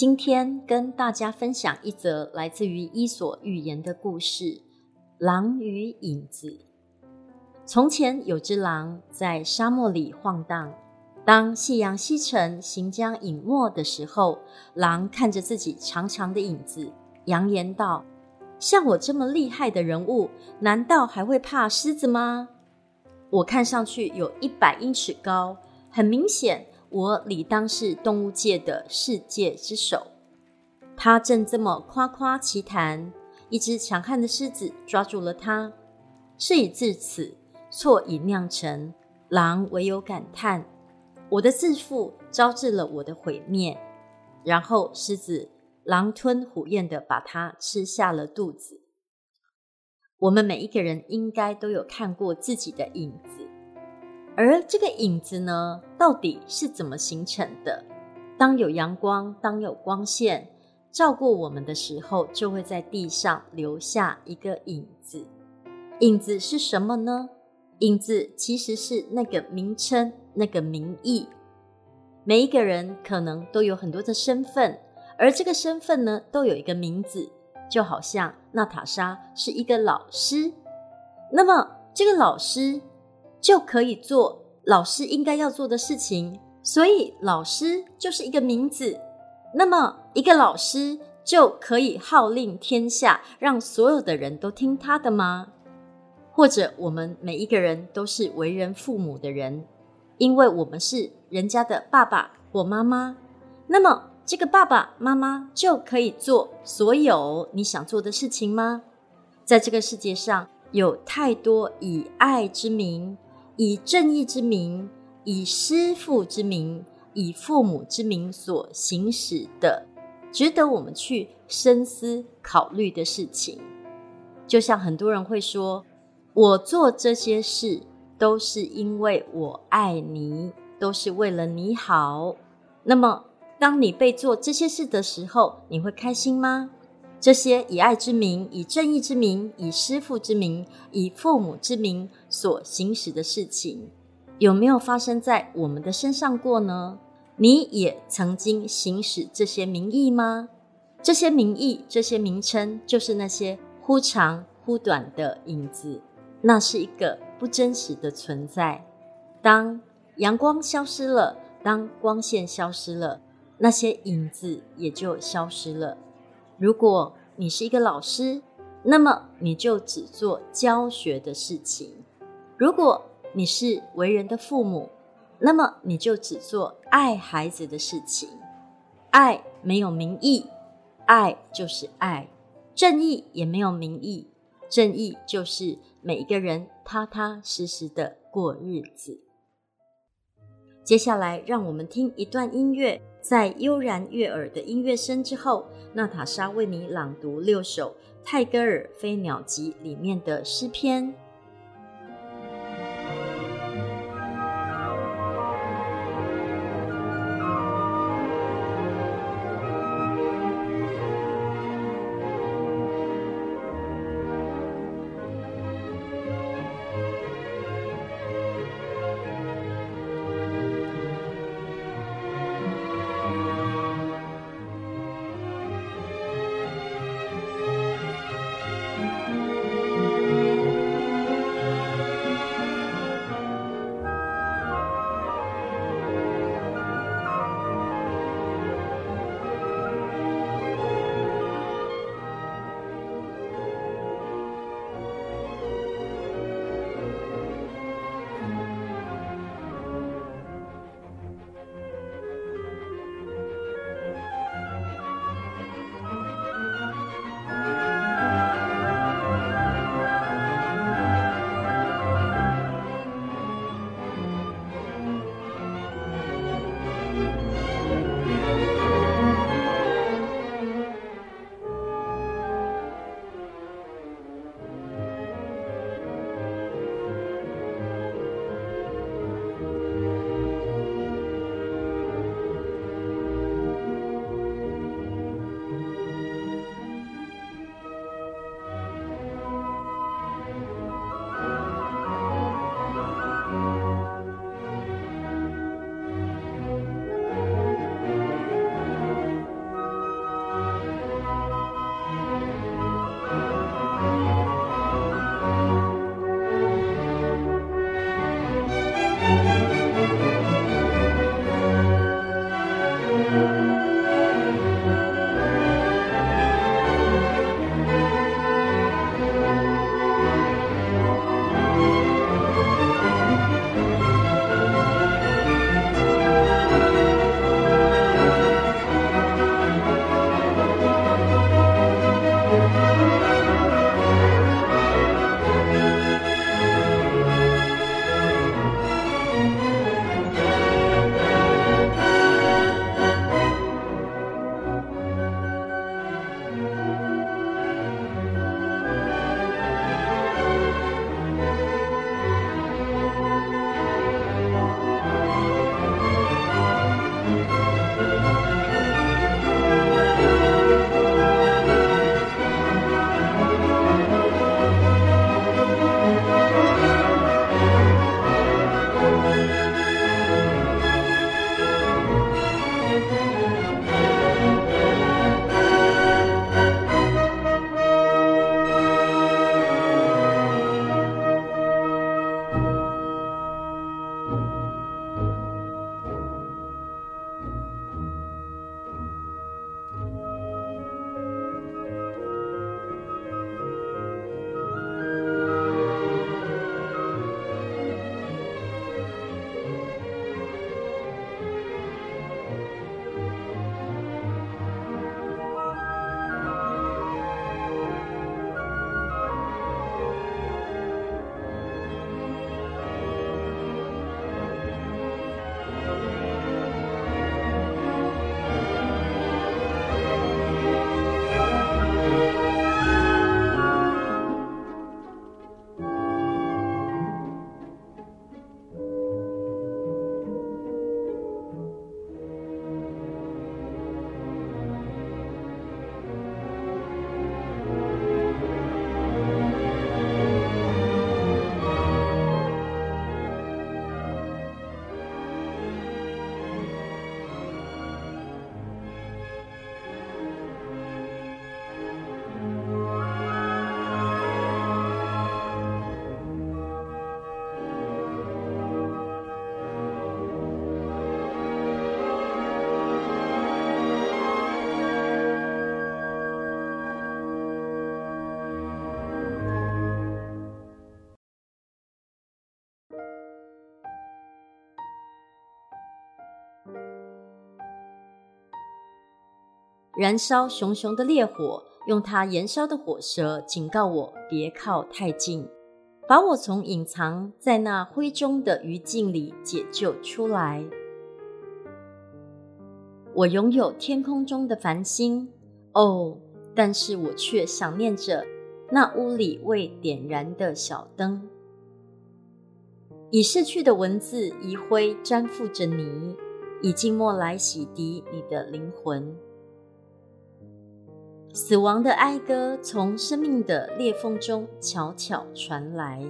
今天跟大家分享一則來自於伊索寓言的故事《狼與影子》。從前有只狼在沙漠裡晃蕩，當夕陽西沉、行將隱沒的時候，狼看着自己長長的影子，揚言道：“像我這麼厲害的人物，難道還會怕獅子嗎？我看上去有一百英尺高，很明顯。”我理當是動物界的世界之首，他正這麼誇誇其談。一只強悍的獅子抓住了他，事已至此，錯已釀成，狼唯有感嘆：我的自負招致了我的毀滅。然後，獅子狼吞虎咽的把他吃下了肚子。我們每一個人應該都有看過自己的影子。而這個影子呢，到底是怎麼形成的？當有陽光，當有光線照過我們的時候，就會在地上留下一個影子。影子是什麼呢？影子其實是那個名稱，那個名義。每一個人可能都有很多的身份，而這個身份呢，都有一個名字。就好像娜塔莎是一個老師，那麼這個老師。就可以做老師應該要做的事情，所以老師就是一個名字。那麼，一個老師就可以號令天下，讓所有的人都聽他的嗎？或者，我們每一個人都是為人父母的人，因為我們是人家的爸爸或媽媽，那麼這個爸爸媽媽就可以做所有你想做的事情嗎？在這個世界上，有太多以愛之名。以正義之名，以師父之名，以父母之名所行使的，值得我們去深思考慮的事情。就像很多人會說，我做這些事都是因為我愛你，都是為了你好。那麼，當你被做這些事的時候，你會開心嗎？這些以愛之名、以正義之名、以師父之名、以父母之名所行使的事情，有沒有發生在我們的身上過呢？你也曾經行使這些名義嗎？這些名義、這些名稱，就是那些忽長忽短的影子，那是一個不真實的存在。當陽光消失了，當光線消失了，那些影子也就消失了。如果你是一個老師，那麼你就只做教學的事情；如果你是為人的父母，那麼你就只做愛孩子的事情。愛沒有名義，愛就是愛；正義也沒有名義，正義就是每一個人踏踏實實的過日子。接下來讓我們聽一段音樂。在悠然悅耳的音樂聲之後，娜塔莎為你朗讀六首泰戈爾《飛鳥集》裡面的詩篇。燃燒熊熊的烈火，用它燃燒的火舌警告我別靠太近，把我從隱藏在那灰中的餘燼裡解救出來。我擁有天空中的繁星，哦，但是我卻想念着那屋裡未點燃的小燈。已逝去的文字餘灰沾附着你，以靜默來洗滌你的靈魂。死亡的哀歌從生命的裂縫中悄悄傳來，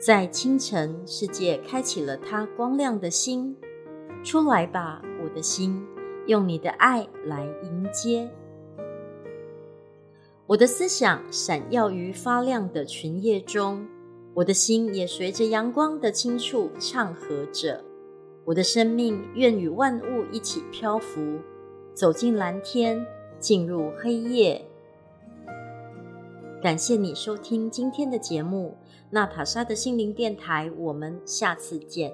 在清晨，世界開啟了它光亮的心。出來吧，我的心，用你的愛來迎接。我的思想閃耀於發亮的群葉中，我的心也隨着陽光的輕觸唱和着。我的生命願與萬物一起漂浮，走進藍天。進入黑夜。感謝你收聽今天的節目，《娜塔莎的心靈電台》，我們下次見。